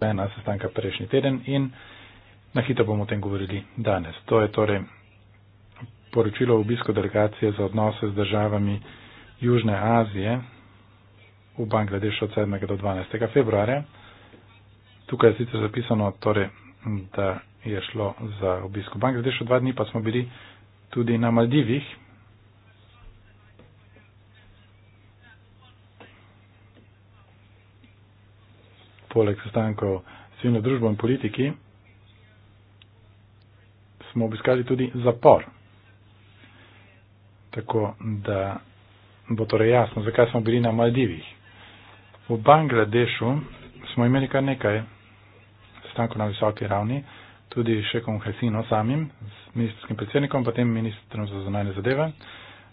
ena sestanka prejšnji teden in na hito bomo o tem govorili danes. To je torej poročilo obisko delegacije za odnose z državami Južne Azije v Bangladešu od 7. do 12. februarja. Tukaj je sicer zapisano, torej, da je šlo za obisko Bangladešu dva dni, pa smo bili tudi na Maldivih, poleg sestankov s civilno družbo in politiki, smo obiskali tudi zapor. Tako da bo torej jasno, zakaj smo bili na Maldivih. V Bangladešu smo imeli kar nekaj sestankov na visoki ravni, tudi še kom Hasino samim, s ministrskim predsednikom, potem ministrom za zunanje zadeve,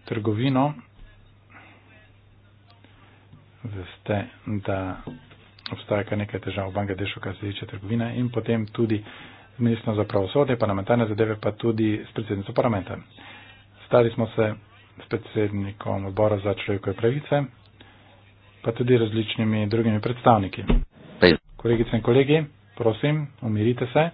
trgovino. Veste, da obstaja kar nekaj težav v Bangladešu, kar se tiče trgovine in potem tudi z ministrom za pravosodje, parlamentarne zadeve, pa tudi s predsednico parlamenta. Stali smo se s predsednikom odbora za človekove pravice, pa tudi različnimi drugimi predstavniki. Kolegice in kolegi, prosim, umirite se.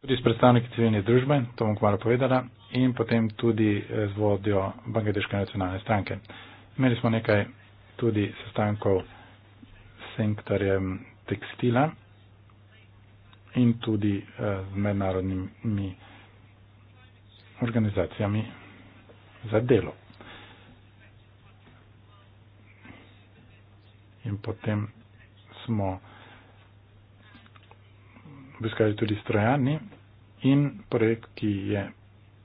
Tudi s predstavniki civilne družbe, to bom kmalo povedala, in potem tudi z vodjo Bangladeške nacionalne stranke. Imeli smo nekaj tudi sestankov sektorjem tekstila in tudi eh, z mednarodnimi organizacijami za delo. In potem smo obiskali tudi strojani in projekt, ki je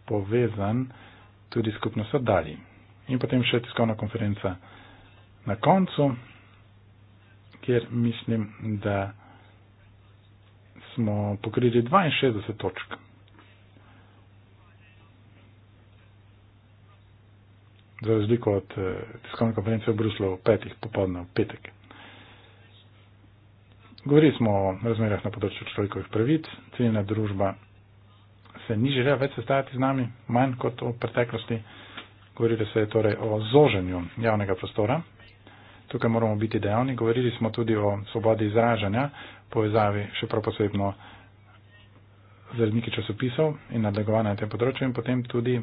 povezan tudi skupno sodali. In potem še tiskovna konferenca na koncu kjer mislim, da smo pokrili 62 točk. Za razliko od eh, tiskovne konference v Bruslu v petih popolnoma v petek. Govorili smo o razmerah na področju človekovih pravic, civilna družba se ni želela več sestajati z nami, manj kot v preteklosti. Govorili se je torej o zoženju javnega prostora, tukaj moramo biti dejavni. Govorili smo tudi o svobodi izražanja, povezavi še prav posebno z redniki časopisov in nadlegovanja na tem področju in potem tudi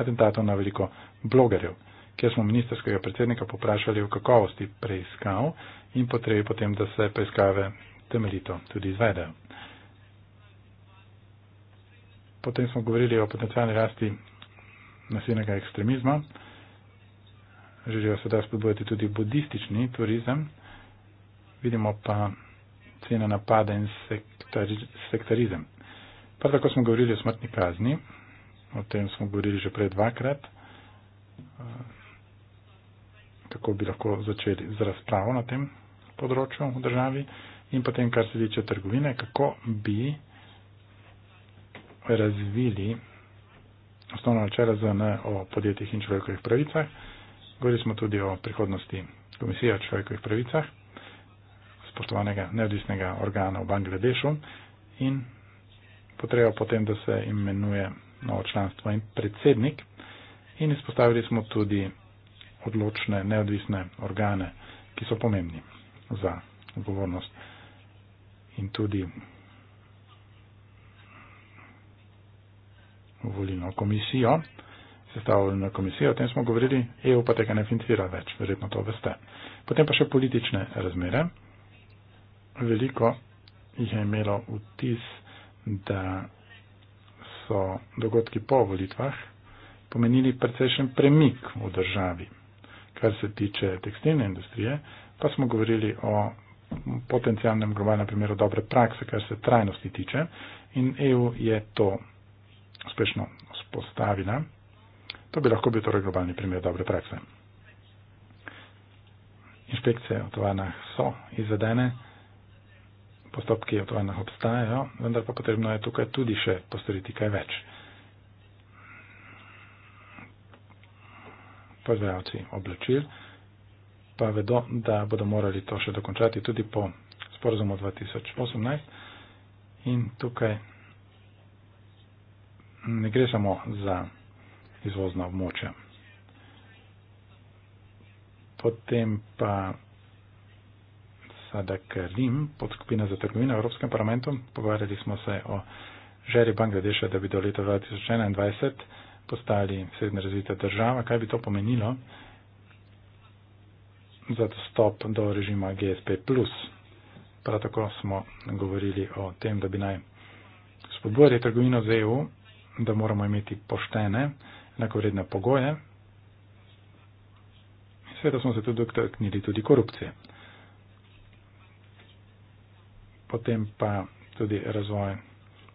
atentatov na veliko blogerjev, kjer smo ministerskega predsednika poprašali o kakovosti preiskav in potrebi potem, da se preiskave temeljito tudi izvedejo. Potem smo govorili o potencijalni rasti nasilnega ekstremizma. Želijo seveda spodbujati tudi budistični turizem. Vidimo pa cena napada in sektari, sektarizem. Pa tako smo govorili o smrtni kazni. O tem smo govorili že pred dvakrat. Eh, kako bi lahko začeli z razpravo na tem področju v državi. In potem, kar se tiče trgovine, kako bi razvili osnovno načelo ZN o podjetjih in človekovih pravicah. Govorili smo tudi o prihodnosti Komisije o človekovih pravicah, spoštovanega neodvisnega organa v Bangladešu in potrebo potem, da se imenuje novo članstvo in predsednik. In izpostavili smo tudi odločne neodvisne organe, ki so pomembni za odgovornost in tudi volilno komisijo sestavljena komisija, o tem smo govorili, EU pa tega ne financira več, verjetno to veste. Potem pa še politične razmere. Veliko jih je imelo vtis, da so dogodki po volitvah pomenili precejšen premik v državi, kar se tiče tekstilne industrije, pa smo govorili o potencijalnem globalnem primeru dobre prakse, kar se trajnosti tiče in EU je to uspešno spostavila. To bi lahko bil torej globalni primer dobre prakse. Inšpekcije v tovarnah so izvedene, postopki v tovarnah obstajajo, vendar pa potrebno je tukaj tudi še postoriti kaj več. Proizvajalci oblačil pa vedo, da bodo morali to še dokončati tudi po sporozumu 2018 in tukaj ne gre samo za izvozna območja. Potem pa sada Karim, podskupina za trgovino v Evropskem parlamentu. Pogovarjali smo se o želji Bangladeša, da bi do leta 2021 postali srednje razvita država. Kaj bi to pomenilo za dostop do režima GSP? Prav tako smo govorili o tem, da bi naj spodbujali trgovino z EU, da moramo imeti poštene enakovredne pogoje. Seveda smo se tudi dotaknili tudi korupcije. Potem pa tudi razvoj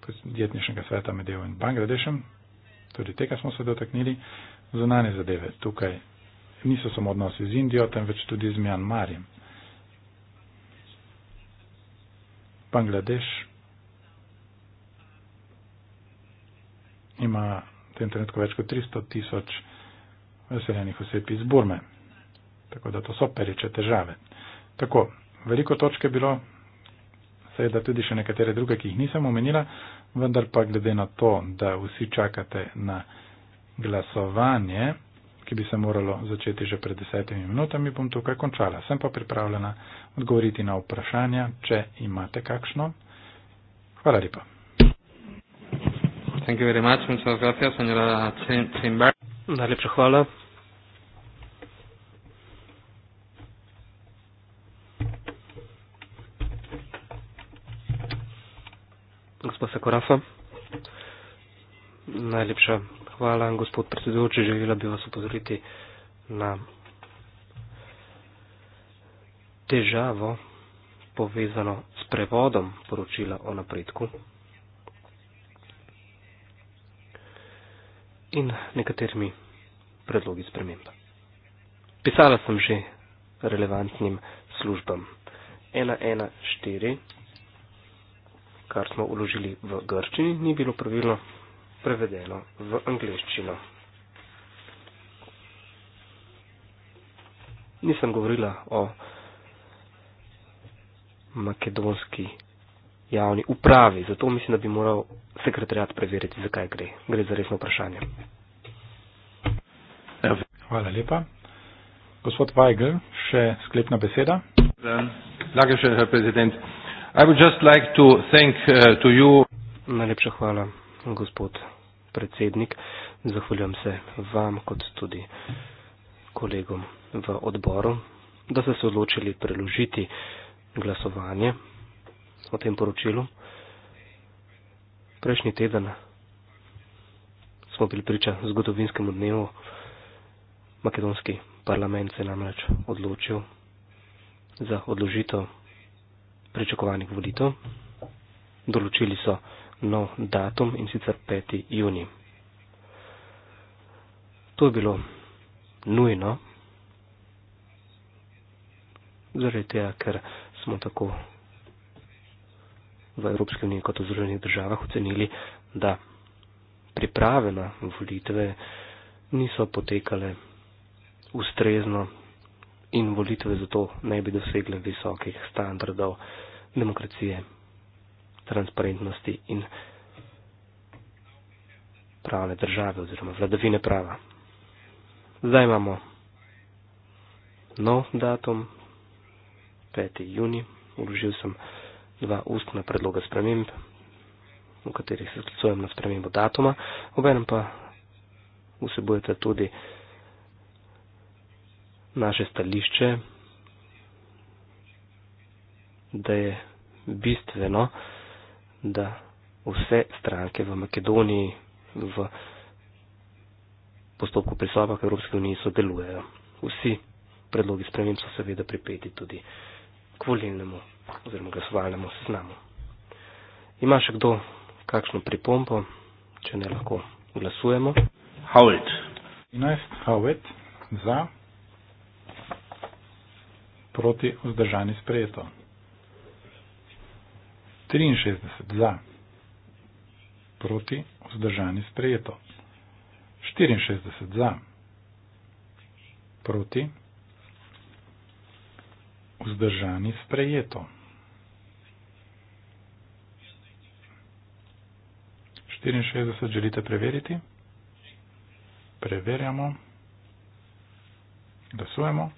podjetniškega sveta med EU in Bangladešem. Tudi tega smo se dotaknili. Zunanje zadeve tukaj niso samo odnosi z Indijo, temveč tudi z Mjanmarjem. Bangladeš ima tem trenutku več kot 300 tisoč naseljenih oseb iz Burme. Tako da to so pereče težave. Tako, veliko točke bilo, seveda tudi še nekatere druge, ki jih nisem omenila, vendar pa glede na to, da vsi čakate na glasovanje, ki bi se moralo začeti že pred desetimi minutami, bom tukaj končala. Sem pa pripravljena odgovoriti na vprašanja, če imate kakšno. Hvala lepa. Thank you very much. Muchas gracias, señora Chimbar. Dale, prehuala. Gospa Korafa. Najlepša hvala, gospod predsedujoči. Želela bi vas upozoriti na težavo povezano s prevodom poročila o napredku. in nekaterimi predlogi sprememb. Pisala sem že relevantnim službam. 114, kar smo uložili v grščini, ni bilo pravilno prevedeno v angleščino. Nisem govorila o makedonski javni upravi. Zato mislim, da bi moral sekretariat preveriti, zakaj gre. Gre za resno vprašanje. Hvala lepa. Gospod Weigl, še sklepna beseda. Dankeschön, Herr Präsident. I would just like to thank uh, to you. Najlepša hvala, gospod predsednik. Zahvaljujem se vam, kot tudi kolegom v odboru, da ste se odločili preložiti glasovanje o tem poročilu. Prejšnji teden smo bili priča zgodovinskemu dnevu. Makedonski parlament se je namreč odločil za odložitev pričakovanih volitev. Določili so nov datum in sicer 5. juni. To je bilo nujno, zaradi tega, ker smo tako v Evropski uniji kot v Združenih državah ocenili, da priprave na volitve niso potekale ustrezno in volitve zato ne bi dosegle visokih standardov demokracije, transparentnosti in pravne države oziroma vladavine prava. Zdaj imamo nov datum, 5. juni, uložil sem dva ustna predloga sprememb, v katerih se sklicujem na spremembo datuma, obenem pa vsebujete tudi naše stališče, da je bistveno, da vse stranke v Makedoniji v postopku pristopa k Evropski uniji sodelujejo. Vsi predlogi sprememb so seveda pripeti tudi k volilnemu oziroma glasovalnemu seznamu. Ima še kdo kakšno pripombo, če ne lahko glasujemo? Howitt. 11. Howitt za. Proti vzdržani sprejeto. 63 za. Proti vzdržani sprejeto. 64 za. Proti vzdržani sprejeto. Štiriinšestdeset želite preveriti? Preverjamo. Glasujemo.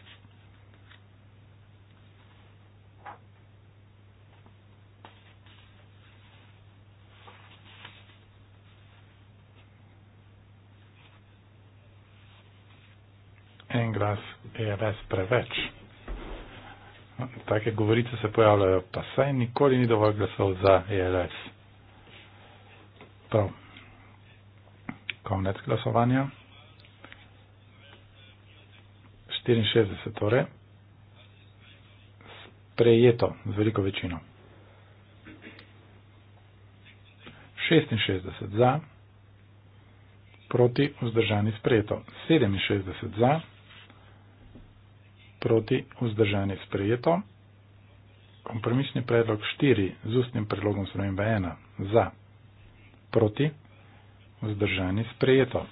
En glas je res preveč take govorice se pojavljajo, pa saj nikoli ni dovolj glasov za ELS. Prav. Konec glasovanja. 64 torej. Sprejeto z veliko večino. 66 za, proti, vzdržani sprejeto. 67 za proti vzdržanje sprejeto. Kompromisni predlog 4 z ustnim predlogom spremembe 1 za proti vzdržanje sprejeto.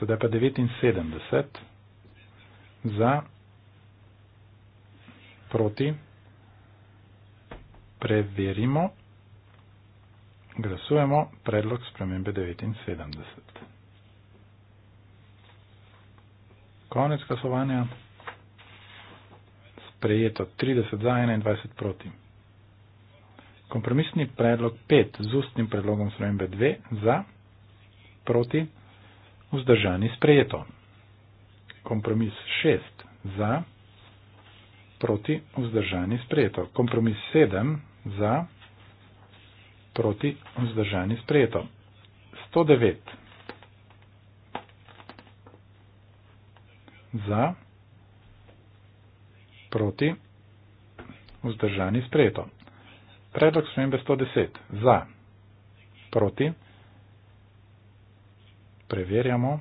Sedaj pa 79 za proti preverimo. Glasujemo predlog spremembe 79. konec glasovanja. Prejeto 30 za 21 proti. Kompromisni predlog 5 z ustnim predlogom spremembe 2 za proti vzdržani sprejeto. Kompromis 6 za proti vzdržani sprejeto. Kompromis 7 za proti vzdržani sprejeto. 109 za, proti, vzdržani sprejeto. Predlog spremembe 110 za, proti, preverjamo.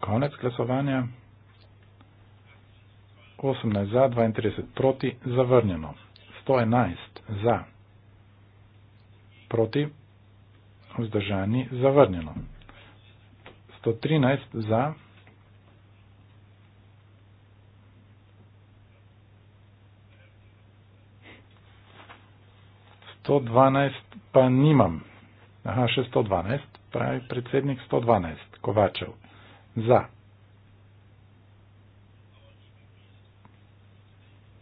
Konec glasovanja. 18 za, 32 proti, zavrnjeno. 111 za, proti, vzdržani, zavrnjeno. 113 za, 112 pa nimam. Aha, še 112, pravi predsednik 112, Kovačev, za.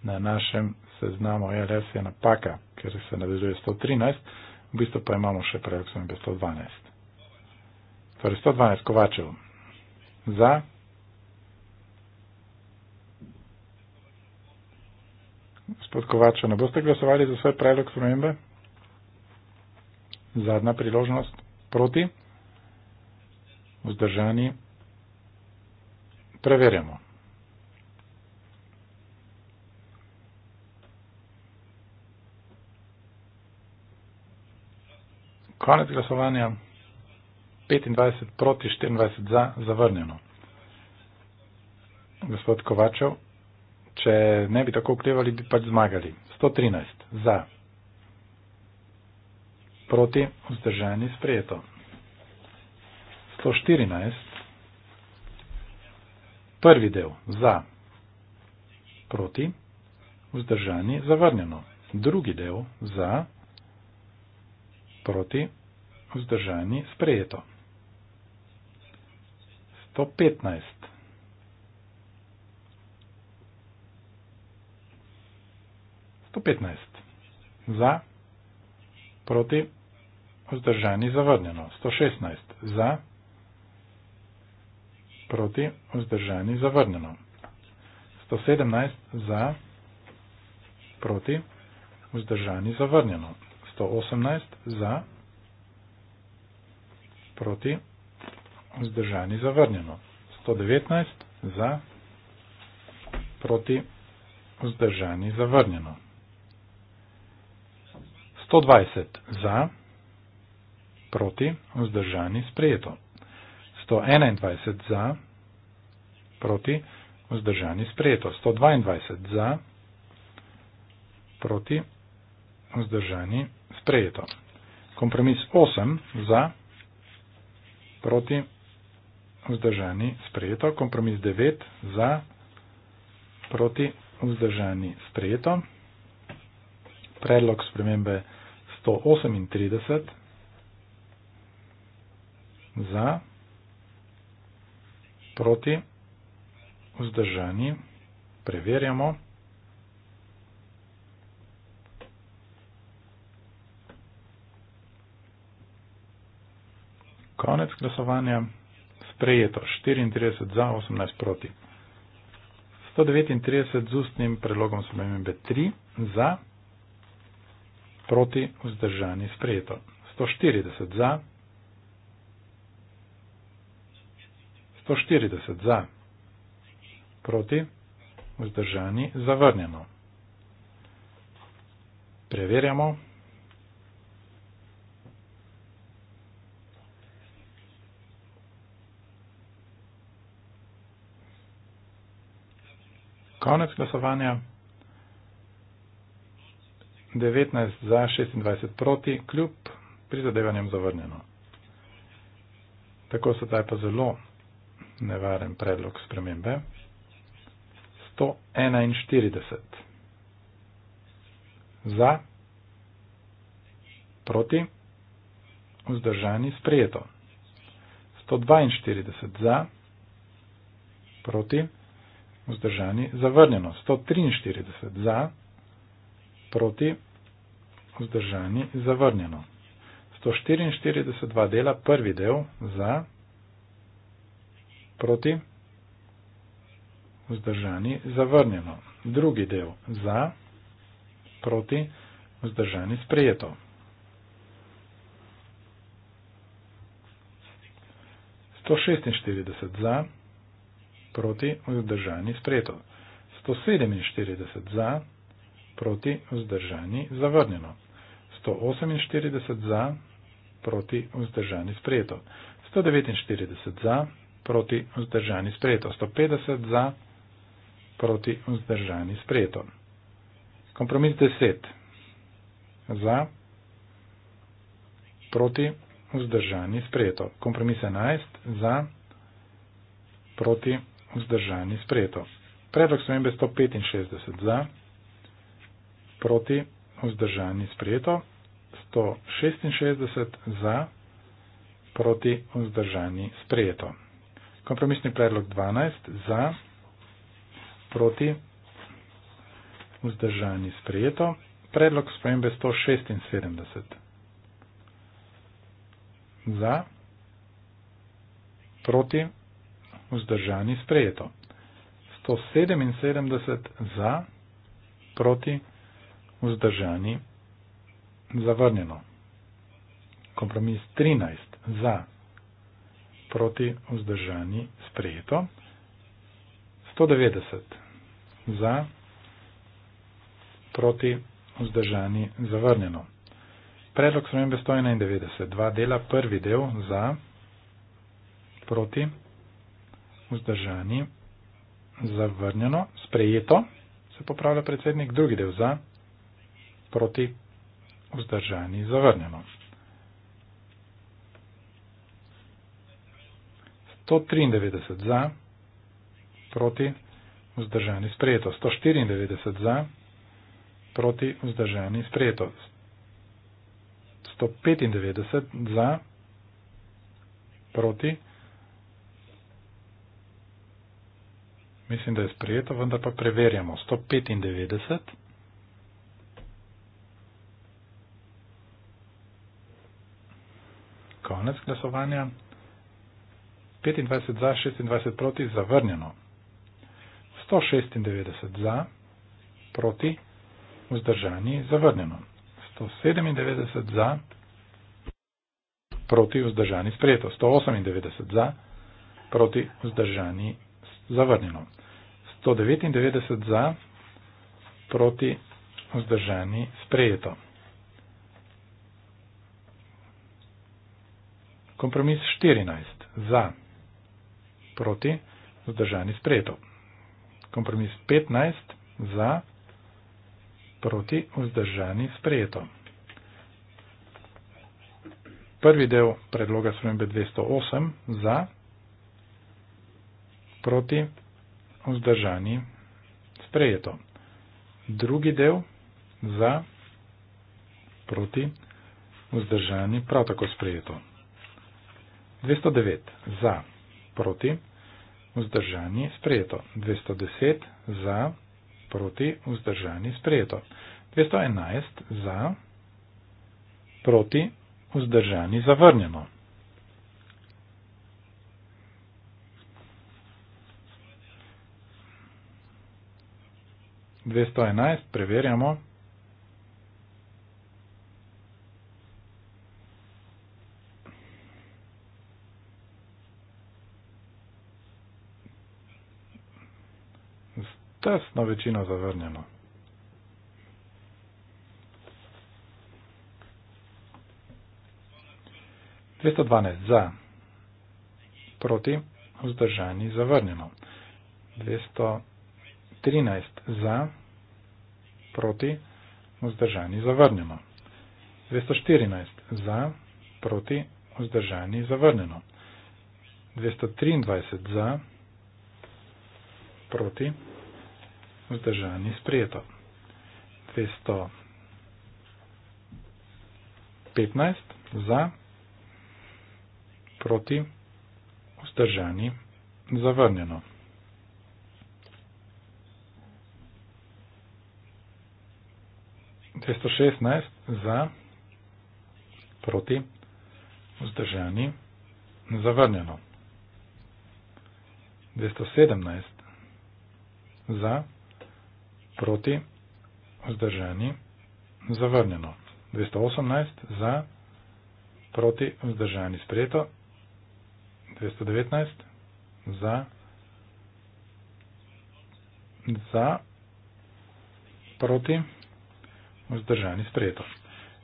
Na našem seznamu LS je napaka, ker se navezuje 113, v bistvu pa imamo še prejok 112. Torej 112 kovačev za Gospod Kovačev, ne boste glasovali za svoj predlog spremembe? Zadnja priložnost proti? Vzdržani? Preverjamo. Konec glasovanja 25 proti 24 za zavrnjeno. Gospod Kovačev, če ne bi tako vplivali, bi pač zmagali. 113 za. Proti vzdržani sprejeto. 114. Prvi del za. Proti vzdržani zavrnjeno. Drugi del za proti vzdržani sprejeto. 115. To 15. Za, proti, vzdržani, zavrnjeno. 116. Za, proti, vzdržani, zavrnjeno. 117. Za, proti, vzdržani, zavrnjeno. 118 za, proti, vzdržani zavrnjeno. 119 za, proti, vzdržani zavrnjeno. 120 za, proti, vzdržani sprejeto. 121 za, proti, vzdržani sprejeto. 122 za, proti, vzdržani sprejeto prejeto. Kompromis 8 za, proti, vzdržani, sprejeto. Kompromis 9 za, proti, vzdržani, sprejeto. Predlog spremembe 138 za, proti, vzdržani, preverjamo. Predlog spremembe 138 za, proti, vzdržani, preverjamo. konec glasovanja. Sprejeto 34 za, 18 proti. 139 z ustnim predlogom spremembe 3 za, proti vzdržani sprejeto. 140 za, 140 za, proti vzdržani zavrnjeno. Preverjamo. Konec glasovanja. 19 za 26 proti, kljub prizadevanjem zavrnjeno. Tako se taj pa zelo nevaren predlog spremembe. 141 za, proti, vzdržani sprejeto. 142 za, proti, vzdržani sprejeto vzdržani, zavrnjeno 143 za, proti vzdržani, zavrnjeno 144 dva dela, prvi del za, proti vzdržani, zavrnjeno drugi del za, proti vzdržani, sprejeto. 146 za, proti vzdržani sprejeto. 147 za, proti vzdržani zavrnjeno. 148 za, proti vzdržani sprejeto. 149 za, proti vzdržani sprejeto. 150 za, proti vzdržani sprejeto. Kompromis 10 za, proti vzdržani sprejeto. Kompromis 11 za, proti vzdržani sprejeto vzdržani sprejeto. Predlog spremembe 165 za, proti vzdržani sprejeto, 166 za, proti vzdržani sprejeto. Kompromisni predlog 12 za, proti vzdržani sprejeto, predlog spremembe 176 za, proti vzdržani sprejeto vzdržani sprejeto. 177 za, proti, vzdržani zavrnjeno. Kompromis 13 za, proti, vzdržani sprejeto. 190 za, proti, vzdržani zavrnjeno. Predlog sprememb 191, dva dela, prvi del za, proti, vzdržani zavrnjeno vzdržani, zavrnjeno, sprejeto, se popravlja predsednik, drugi del za, proti, vzdržani, zavrnjeno. 193 za, proti, vzdržani, sprejeto. 194 za, proti, vzdržani, sprejeto. 195 za, proti, vzdržani, sprejeto. mislim, da je sprejeto, vendar pa preverjamo. 195. Konec glasovanja. 25 za, 26 proti, zavrnjeno. 196 za, proti, vzdržani, zavrnjeno. 197 za, proti, vzdržani, sprejeto. 198 za, proti, vzdržani, zavrnjeno. 199 za, proti vzdržani sprejeto. Kompromis 14 za, proti vzdržani sprejeto. Kompromis 15 za, proti vzdržani sprejeto. Prvi del predloga spremembe 208 za, proti vzdržani, sprejeto. Drugi del za, proti, vzdržani, prav tako sprejeto. 209 za, proti, vzdržani, sprejeto. 210 za, proti, vzdržani, sprejeto. 211 za, proti, vzdržani, zavrnjeno. 211, preverjamo. Tesno večino zavrnjeno. Dvesto dvanajst za, proti, vzdržani zavrnjeno. Dvesto 200... 13 za, proti, vzdržani zavrnjeno. 214 za, proti, vzdržani zavrnjeno. 223 za, proti, vzdržani sprijeto. 215 za, proti, vzdržani zavrnjeno. 216 za, proti, vzdržani, zavrnjeno. 217 za, proti, vzdržani, zavrnjeno. 218 za, proti, vzdržani, sprejeto. 219 za, za, proti, vzdržani sprejeto.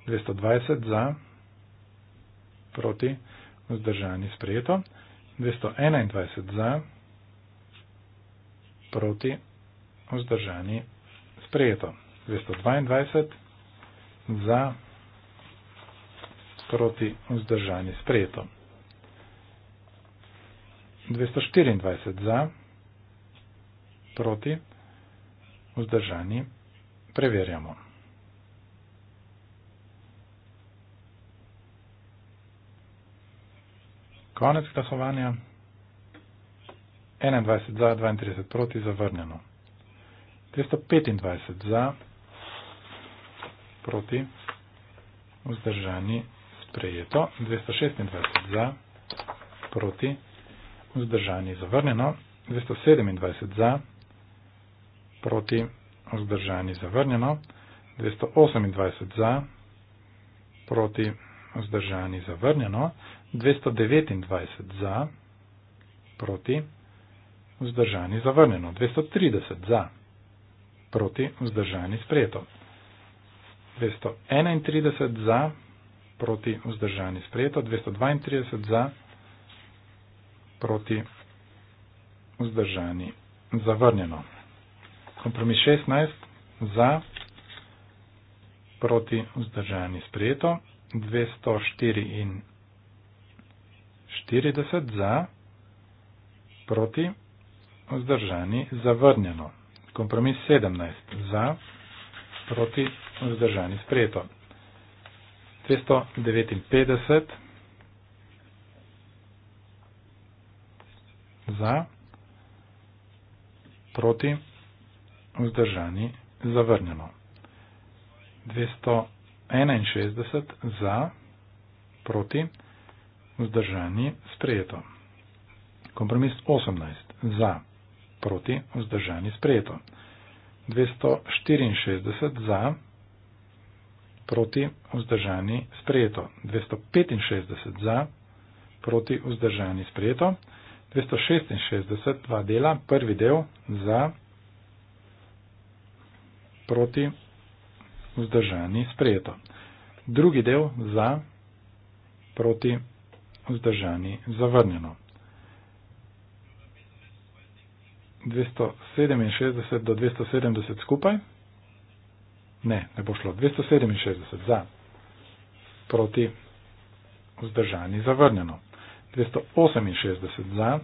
220 za, proti, vzdržani sprejeto. 221 za, proti, vzdržani sprejeto. 222 za, proti, vzdržani sprejeto. 224 za, proti, vzdržani preverjamo. Konec glasovanja. 21 za, 32 proti, zavrnjeno. 225 za, proti, vzdržani, sprejeto. 226 za, proti, vzdržani, zavrnjeno. 227 za, proti, vzdržani, zavrnjeno. 228 za, proti, vzdržani, zavrnjeno. 229 za, proti, vzdržani zavrnjeno, 230 za, proti, vzdržani sprejeto, 231 za, proti, vzdržani sprejeto, 232 za, proti, vzdržani zavrnjeno. Kompromis 16 za, proti, vzdržani sprejeto, 204 in 40 za, proti, vzdržani, zavrnjeno. Kompromis 17 za, proti, vzdržani, sprejeto. 259 za, proti, vzdržani, zavrnjeno. 261 za, proti, vzdržani, sprejeto vzdržani, sprejeto. Kompromis 18. Za, proti, vzdržani, sprejeto. 264 za, proti, vzdržani, sprejeto. 265 za, proti, vzdržani, sprejeto. 266 dva dela, prvi del za, proti, vzdržani, sprejeto. Drugi del za, proti, vzdržani, sprejeto vzdržani zavrnjeno. 267 do 270 skupaj? Ne, ne bo šlo. 267 za, proti vzdržani zavrnjeno. 268 za,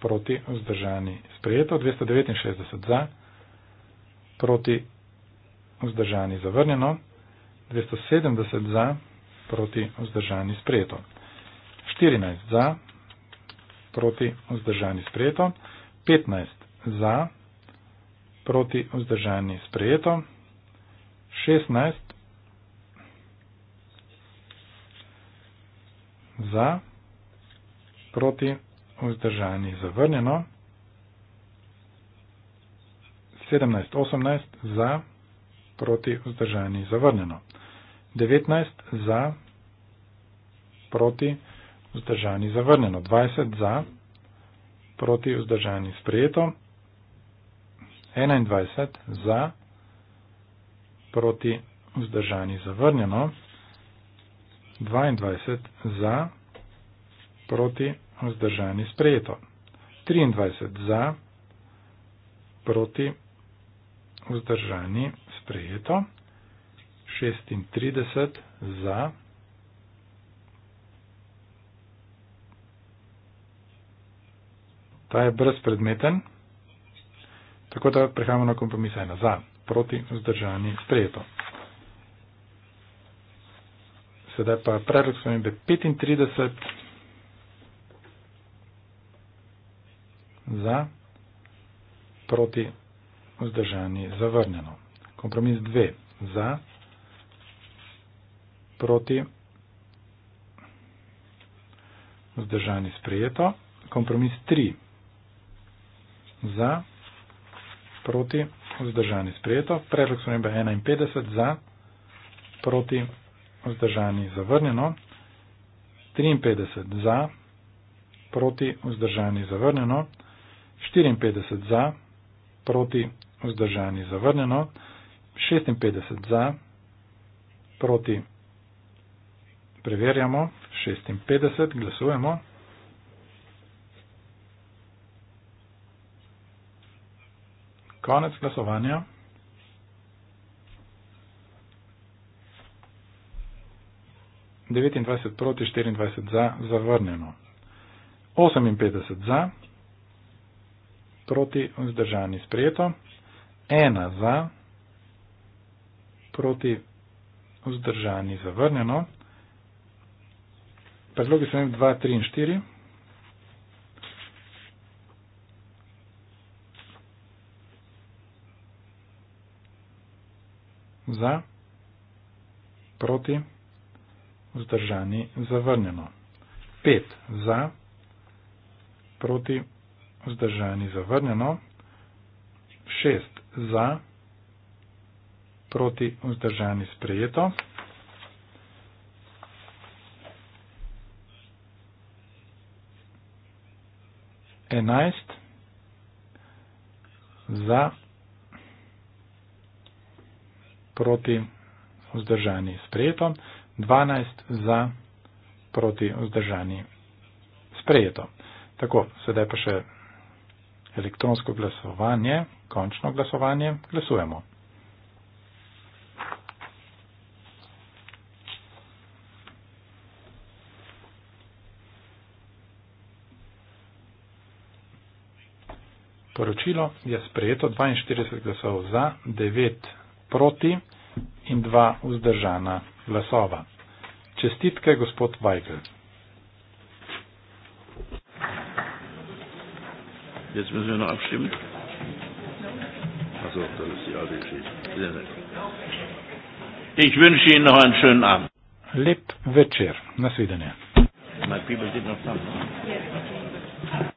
proti vzdržani sprejeto. 269 za, proti vzdržani zavrnjeno. 270 za, proti vzdržani sprejeto. 14 za, proti vzdržani sprejeto, 15 za, proti vzdržani sprejeto, 16 za, proti vzdržani zavrnjeno, 17, 18 za, proti vzdržani zavrnjeno, 19 za, proti vzdržani zavrnjeno vzdržani zavrnjeno, 20 za, proti vzdržani sprejeto, 21 za, proti vzdržani zavrnjeno, 22 za, proti vzdržani sprejeto, 23 za, proti vzdržani sprejeto, 36 za, proti vzdržani sprejeto, ta je brezpredmeten, tako da prehajamo na kompromis ena za, proti, vzdržani, sprejeto. Sedaj pa predlog svojim B35 za, proti, vzdržani, zavrnjeno. Kompromis 2 za, proti, vzdržani, sprejeto. Kompromis 3 za, proti, vzdržani sprejeto. Predlog spremembe 51 za, proti, vzdržani zavrnjeno. 53 za, proti, vzdržani zavrnjeno. 54 za, proti, vzdržani zavrnjeno. 56 za, proti, preverjamo. 56 glasujemo. Konec glasovanja. devetindvajset proti štiriindvajset za zavrnjeno oseminpetdeset za proti vzdržani sprejeto ena za proti vzdržani zavrnjeno predlogi sem dva tri in štiri za, proti, vzdržani, zavrnjeno. 5 za, proti, vzdržani, zavrnjeno. 6 za, proti, vzdržani, sprejeto. 11 za, proti vzdržani sprejeto, 12 za proti vzdržani sprejeto. Tako, sedaj pa še elektronsko glasovanje, končno glasovanje, glasujemo. Poročilo je sprejeto 42 glasov za, 9 proti in dva vzdržana glasova. Čestitke, gospod Weigl. Jetzt müssen wir noch abstimmen. Achso, das ist die alte Geschichte. Ich wünsche Ihnen noch einen schönen Abend. Lebt Wetscher. Nasvidene. My people did not come.